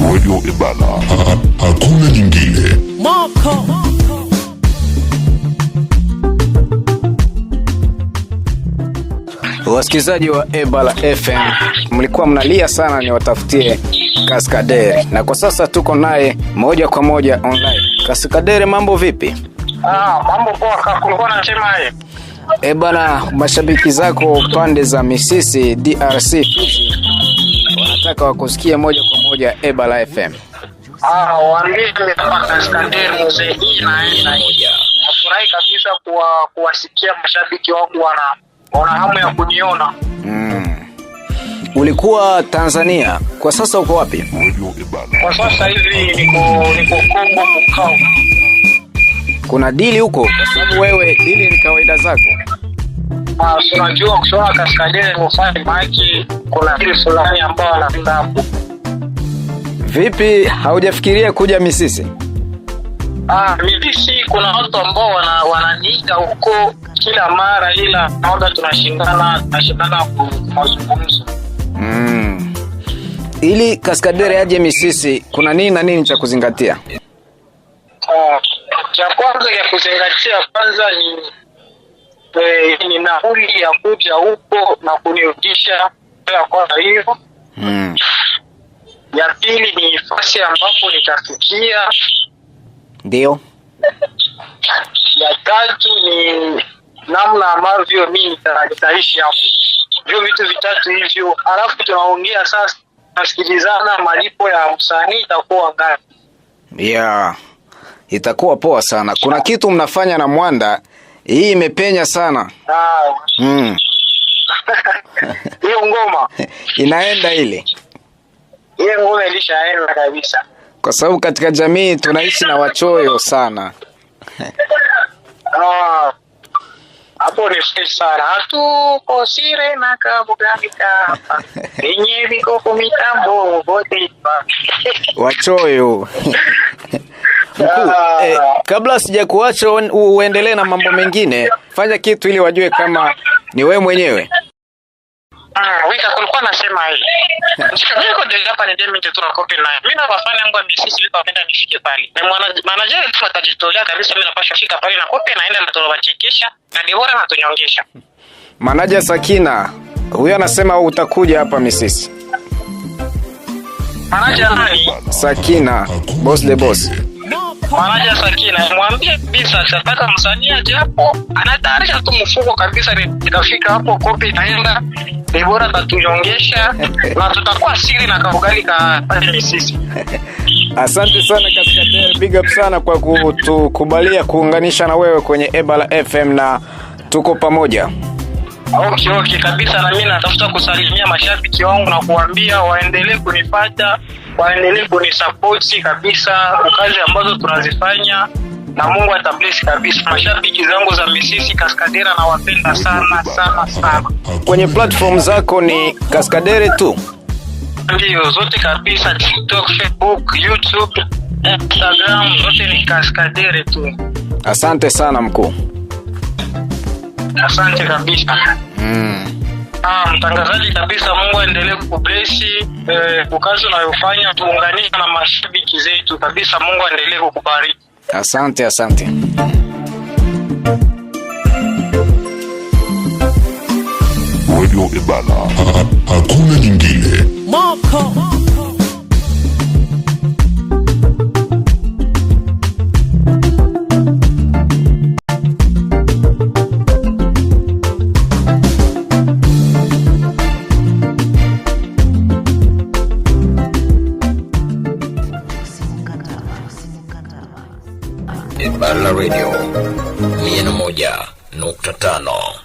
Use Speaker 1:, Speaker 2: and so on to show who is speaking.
Speaker 1: Radio Ebana, hakuna nyingine. Moko wasikilizaji wa Ebala FM, mlikuwa mnalia sana niwatafutie Kaskaderi, na kwa sasa tuko naye moja kwa moja online. Kaskaderi, mambo vipi?
Speaker 2: Ah, mambo poa, kulikuwa na chema hii
Speaker 1: E bana, mashabiki zako pande za Misisi DRC wanataka wakusikie moja kwa moja Ebala FM.
Speaker 2: Ah, waambie Iskandari Muzeidi naenda moja. Nafurahi kabisa kuwa kuwasikia mashabiki wangu wana wana hamu ya kuniona. Mm.
Speaker 1: Ulikuwa Tanzania, kwa sasa uko wapi?
Speaker 2: Kwa sasa hivi niko niko Kongo Mkao
Speaker 1: kuna dili huko, kwa sababu wewe dili ni kawaida zako.
Speaker 2: Ah, unajua kushona kaskazini mufai maji, kuna dili fulani ambao wanapenda hapo.
Speaker 1: Vipi, haujafikiria kuja Misisi?
Speaker 2: Ah, Misisi kuna watu ambao wana, wananiita huko kila mara, ila naona tunashindana tunashindana kwa mazungumzo mm.
Speaker 1: Ili Kaskadere aje Misisi, kuna nini na nini cha kuzingatia?
Speaker 2: cha kwanza ya kuzingatia kwanza ni e, ni nauli ya kuja huko na kunirudisha ya kwanza hiyo mm. Ya pili ni nafasi ambapo nitafikia, ndio. Ya tatu ni namna ambavyo mi nitaishi hapo, hivyo vitu vitatu hivyo. Alafu tunaongea sasa, nasikilizana malipo ya msanii itakuwa gani?
Speaker 1: yeah itakuwa poa sana. Kuna kitu mnafanya na Mwanda, hii imepenya sana
Speaker 2: mm. hiyo ngoma
Speaker 1: inaenda ile
Speaker 2: hiyo ngoma ilishaenda kabisa,
Speaker 1: kwa sababu katika jamii tunaishi na wachoyo sana
Speaker 2: ah, hapo ni fresh tu hatuko sire na kabuganika hapa yenye viko kumitambo wote
Speaker 1: wachoyo Mkuu, ah. eh, kabla sijakuacha uendelee na mambo mengine, fanya kitu ili wajue kama ni wewe mwenyewe.
Speaker 2: manaja ah, wika kulikuwa nasema hii. hapa naye. Mimi wapenda pale. manager tu atajitolea kabisa mimi pale na naenda na na ni bora
Speaker 1: Manager Sakina, huyo anasema utakuja hapa misisi.
Speaker 2: Manager nani?
Speaker 1: Sakina, boss the boss.
Speaker 2: Mwanaja Sakina, mwambie kabisa sataka msanii aje hapo, anatayarisha tu mfuko kabisa, nitafika hapo kopi itaenda, ni bora tatunyongesha na tutakuwa siri na kaugali kafanya sisi.
Speaker 1: Asante sana Kaskatel, big up sana kwa kutukubalia kuunganisha na wewe kwenye Ebala FM na tuko pamoja.
Speaker 2: Okay, okay kabisa, na mimi natafuta kusalimia mashabiki wangu na kuambia waendelee kunifuata waendelee kunisapoti kabisa kazi ambazo tunazifanya na Mungu atablesi kabisa. Mashabiki zangu za Misisi Kaskadera nawapenda sana sana sana.
Speaker 1: Kwenye platform zako ni Kaskadere tu?
Speaker 2: Ndio, zote kabisa, TikTok, Facebook, YouTube, Instagram zote ni Kaskadere tu.
Speaker 1: Asante sana mkuu.
Speaker 2: Asante kabisa. Mm. Ah, mtangazaji kabisa, Mungu aendelee kukubeshi eh, ukazi unayofanya tuunganisha na mashabiki zetu kabisa. Mungu aendelee kukubariki.
Speaker 1: Asante, asante. Radio Ebala, hakuna nyingine. Moko. Mbala Radio 101.5.